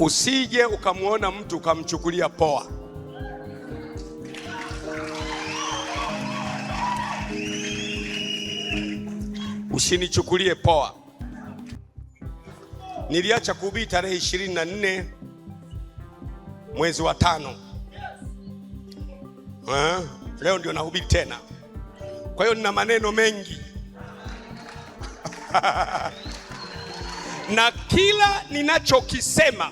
Usije ukamwona mtu ukamchukulia poa. Usinichukulie poa. Niliacha kuhubiri tarehe 24 mwezi wa tano. Ha? Eh, leo ndio nahubiri tena, kwa hiyo nina maneno mengi na kila ninachokisema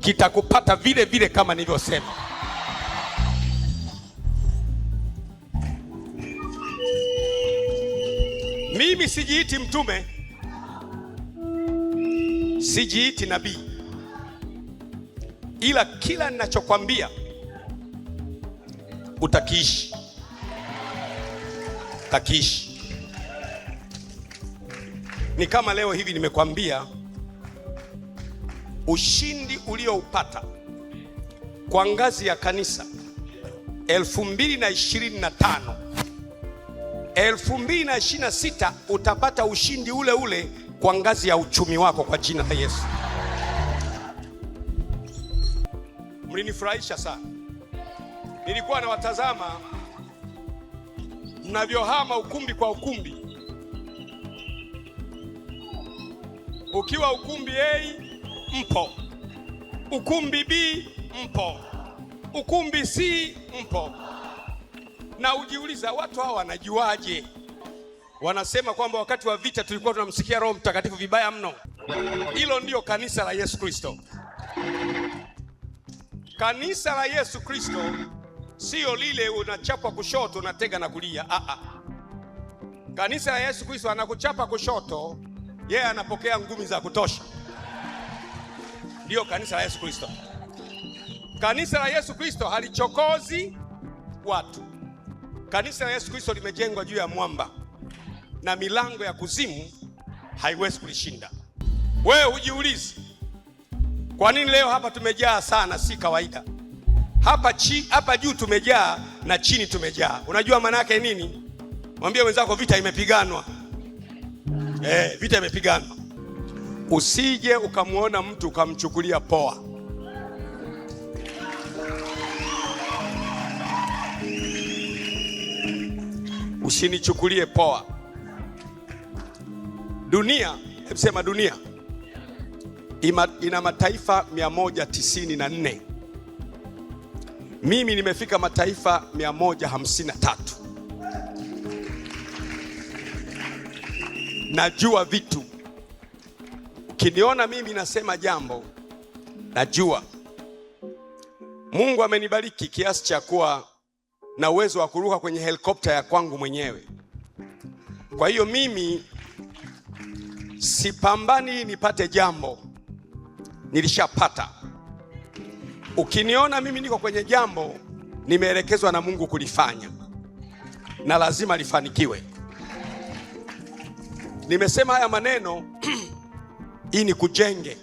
kitakupata vile vile kama nilivyosema. Mimi sijiiti mtume, sijiiti nabii, ila kila ninachokwambia utakiishi, utakiishi. Ni kama leo hivi nimekwambia ushindi ulioupata kwa ngazi ya kanisa 2025 2026 utapata ushindi ule ule kwa ngazi ya uchumi wako kwa jina la Yesu. Mlinifurahisha sana, nilikuwa nawatazama mnavyohama ukumbi kwa ukumbi, ukiwa ukumbi A mpo, ukumbi B mpo, ukumbi C mpo. Na ujiuliza watu hawa wanajuaje? Wanasema kwamba wakati wa vita tulikuwa tunamsikia Roho Mtakatifu vibaya mno. Hilo ndiyo kanisa la Yesu Kristo. Kanisa la Yesu Kristo siyo lile unachapwa kushoto unatega na kulia. Aa, ah, ah. kanisa la Yesu Kristo anakuchapa kushoto, yeye anapokea ngumi za kutosha ndiyo kanisa la Yesu Kristo. Kanisa la Yesu Kristo halichokozi watu. Kanisa la Yesu Kristo limejengwa juu ya mwamba, na milango ya kuzimu haiwezi kulishinda. Wewe hujiulizi kwa nini leo hapa tumejaa sana? Si kawaida. Hapa chi, hapa juu tumejaa na chini tumejaa. Unajua maana yake nini? Mwambie wenzako vita imepiganwa. Eh, vita imepiganwa. Usije ukamwona mtu ukamchukulia poa. Usinichukulie poa. Dunia, hebu sema dunia ima, ina mataifa 194. Mimi nimefika mataifa 153. Najua vitu Ukiniona mimi nasema jambo, najua Mungu amenibariki kiasi cha kuwa na uwezo wa kuruka kwenye helikopta ya kwangu mwenyewe. Kwa hiyo mimi sipambani nipate jambo, nilishapata. Ukiniona mimi niko kwenye jambo, nimeelekezwa na Mungu kulifanya na lazima lifanikiwe. Nimesema haya maneno hii ni kujenge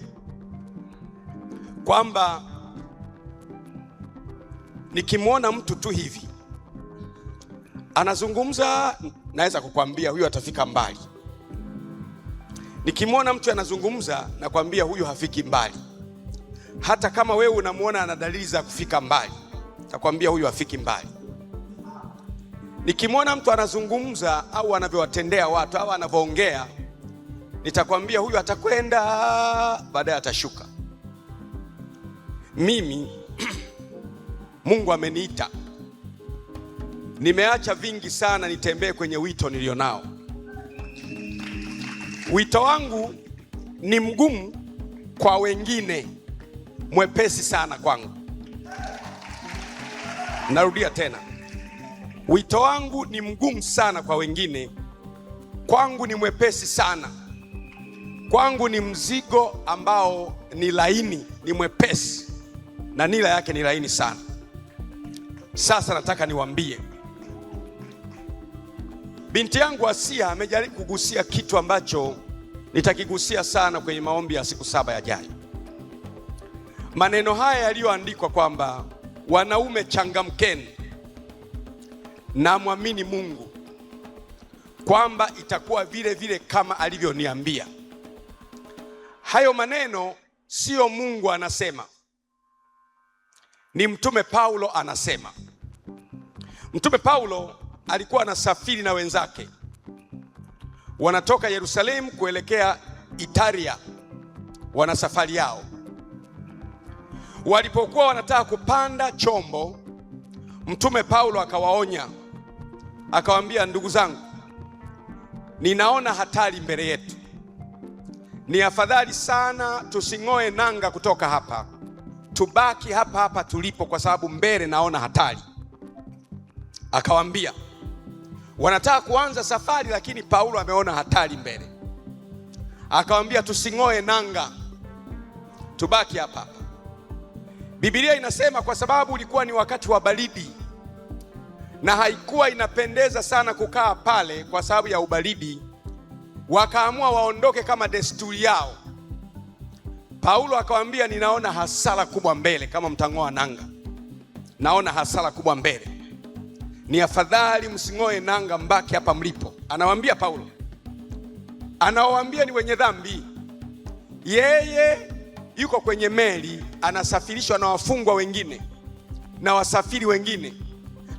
kwamba nikimwona mtu tu hivi anazungumza, naweza kukwambia huyu atafika mbali. Nikimwona mtu anazungumza, nakwambia huyu hafiki mbali. Hata kama wewe unamwona ana dalili za kufika mbali, takwambia huyu hafiki mbali. Nikimwona mtu anazungumza au anavyowatendea watu au anavyoongea nitakwambia huyu atakwenda, baadaye atashuka. Mimi Mungu ameniita, nimeacha vingi sana nitembee kwenye wito nilionao. Wito wangu ni mgumu kwa wengine, mwepesi sana kwangu. Narudia tena, wito wangu ni mgumu sana kwa wengine, kwangu ni mwepesi sana kwangu ni mzigo ambao ni laini, ni mwepesi na nila yake ni laini sana. Sasa nataka niwambie binti yangu Asia amejaribu kugusia kitu ambacho nitakigusia sana kwenye maombi ya siku saba yajayo. Maneno haya yaliyoandikwa kwamba wanaume changamkeni na Mungu kwamba itakuwa vile vile kama alivyoniambia. Hayo maneno siyo Mungu anasema, ni mtume Paulo anasema. Mtume Paulo alikuwa anasafiri na wenzake, wanatoka Yerusalemu kuelekea Italia, wana safari yao. Walipokuwa wanataka kupanda chombo, mtume Paulo akawaonya, akawaambia, ndugu zangu, ninaona hatari mbele yetu ni afadhali sana tusing'oe nanga kutoka hapa, tubaki hapa hapa tulipo, kwa sababu mbele naona hatari. akawambia wanataka kuanza safari, lakini Paulo ameona hatari mbele. akawambia tusing'oe nanga, tubaki hapa hapa. Biblia inasema kwa sababu ulikuwa ni wakati wa baridi na haikuwa inapendeza sana kukaa pale kwa sababu ya ubaridi wakaamua waondoke kama desturi yao. Paulo akawaambia, ninaona hasara kubwa mbele, kama mtang'oa nanga, naona hasara kubwa mbele, ni afadhali msing'oe nanga, mbaki hapa mlipo. Anawaambia Paulo, anawaambia ni wenye dhambi. Yeye yuko kwenye meli, anasafirishwa na wafungwa wengine na wasafiri wengine,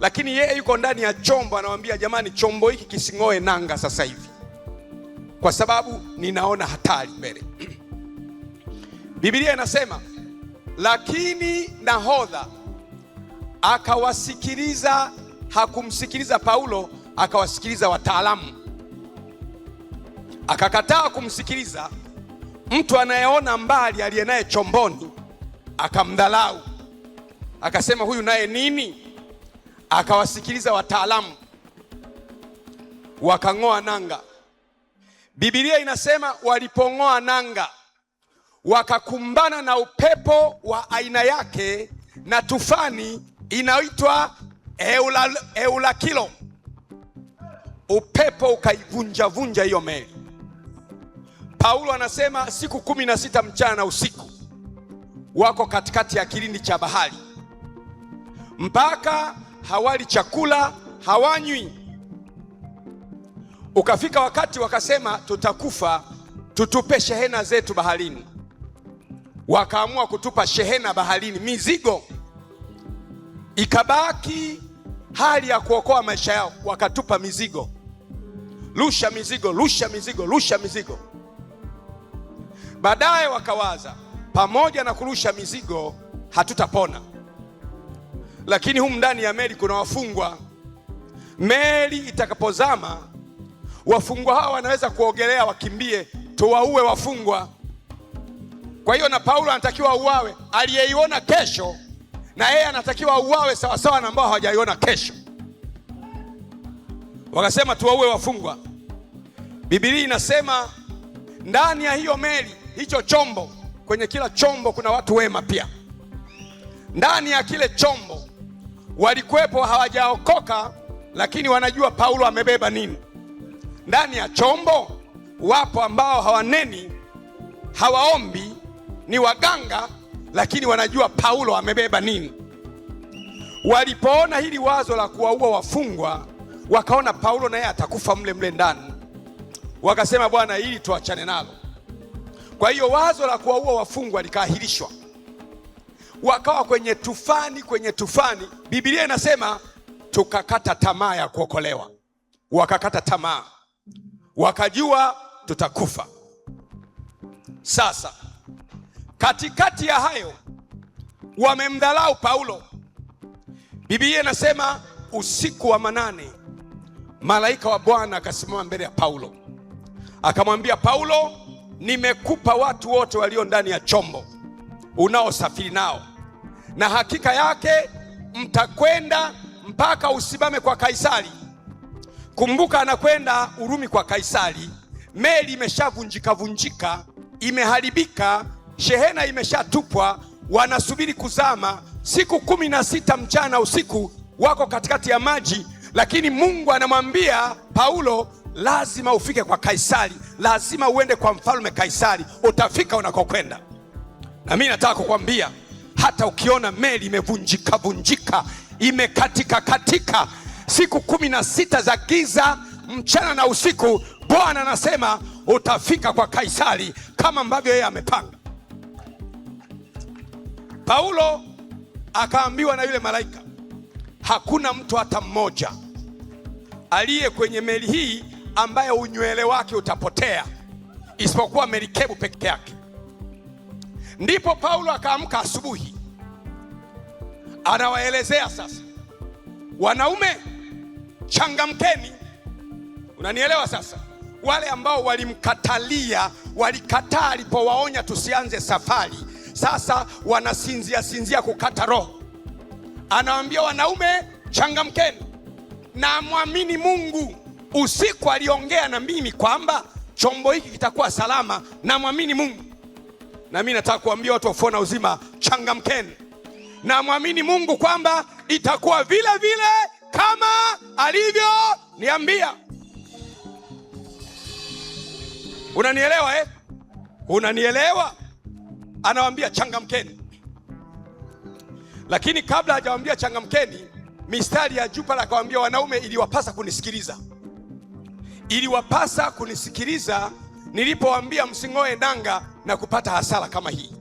lakini yeye yuko ndani ya chombo. Anawaambia jamani, chombo hiki kising'oe nanga sasa hivi kwa sababu ninaona hatari mbele. Biblia inasema lakini nahodha akawasikiliza, hakumsikiliza Paulo, akawasikiliza wataalamu, akakataa kumsikiliza mtu anayeona mbali aliye naye chomboni, akamdhalau akasema huyu naye nini? Akawasikiliza wataalamu, wakang'oa nanga Biblia inasema walipong'oa nanga wakakumbana na upepo wa aina yake na tufani inaitwa eula, eulakilo. Upepo ukaivunjavunja hiyo meli. Paulo anasema siku kumi na sita mchana na usiku wako katikati ya kilindi cha bahari, mpaka hawali chakula, hawanywi Ukafika wakati wakasema, tutakufa, tutupe shehena zetu baharini. Wakaamua kutupa shehena baharini, mizigo ikabaki hali ya kuokoa maisha yao, wakatupa mizigo, rusha mizigo, rusha mizigo, rusha mizigo. Baadaye wakawaza pamoja na kurusha mizigo hatutapona, lakini humu ndani ya meli kuna wafungwa. Meli itakapozama Wafungwa hawa wanaweza kuogelea, wakimbie, tuwaue wafungwa. Kwa hiyo na Paulo anatakiwa auawe, aliyeiona kesho na yeye anatakiwa auawe sawasawa na ambao hawajaiona kesho. Wakasema tuwaue wafungwa. Biblia inasema ndani ya hiyo meli, hicho chombo, kwenye kila chombo kuna watu wema pia. Ndani ya kile chombo walikuwepo hawajaokoka, lakini wanajua Paulo amebeba nini ndani ya chombo. Wapo ambao hawaneni, hawaombi, ni waganga, lakini wanajua Paulo amebeba nini. Walipoona hili wazo la kuwaua wafungwa, wakaona Paulo naye atakufa mle mle ndani, wakasema Bwana, hili tuachane nalo. Kwa hiyo wazo la kuwaua wafungwa likaahirishwa, wakawa kwenye tufani, kwenye tufani. Biblia inasema tukakata tamaa ya kuokolewa, wakakata tamaa wakajua tutakufa. Sasa katikati ya hayo wamemdhalau Paulo. Biblia inasema usiku wa manane malaika wa Bwana akasimama mbele ya Paulo akamwambia Paulo, nimekupa watu wote walio ndani ya chombo unaosafiri nao, na hakika yake mtakwenda mpaka usimame kwa Kaisari Kumbuka anakwenda Urumi kwa Kaisari, meli imeshavunjika vunjika, imeharibika, shehena imeshatupwa, wanasubiri kuzama. Siku kumi na sita mchana usiku, wako katikati ya maji, lakini Mungu anamwambia Paulo, lazima ufike kwa Kaisari, lazima uende kwa mfalme Kaisari, utafika unakokwenda. Na mimi nataka kukwambia hata ukiona meli imevunjika vunjika, imekatika katika siku kumi na sita za giza mchana na usiku, Bwana anasema utafika kwa Kaisari kama ambavyo yeye amepanga. Paulo akaambiwa na yule malaika, hakuna mtu hata mmoja aliye kwenye meli hii ambaye unywele wake utapotea isipokuwa merikebu peke yake. Ndipo Paulo akaamka asubuhi, anawaelezea sasa wanaume changamkeni. Unanielewa sasa? Wale ambao walimkatalia, walikataa alipowaonya tusianze safari, sasa wanasinzia sinzia kukata roho. Anawaambia wanaume, changamkeni na mwamini Mungu. Usiku aliongea na mimi kwamba chombo hiki kitakuwa salama, na mwamini Mungu. Na mimi nataka kuambia watu wa ufufuo na uzima, changamkeni na mwamini Mungu kwamba itakuwa vile vile kama alivyoniambia. Unanielewa eh? Unanielewa? anawambia changamkeni, lakini kabla hajawaambia changamkeni, mistari ya jupala akawambia wanaume, iliwapasa kunisikiliza, iliwapasa kunisikiliza nilipowambia msing'oe nanga na kupata hasara kama hii.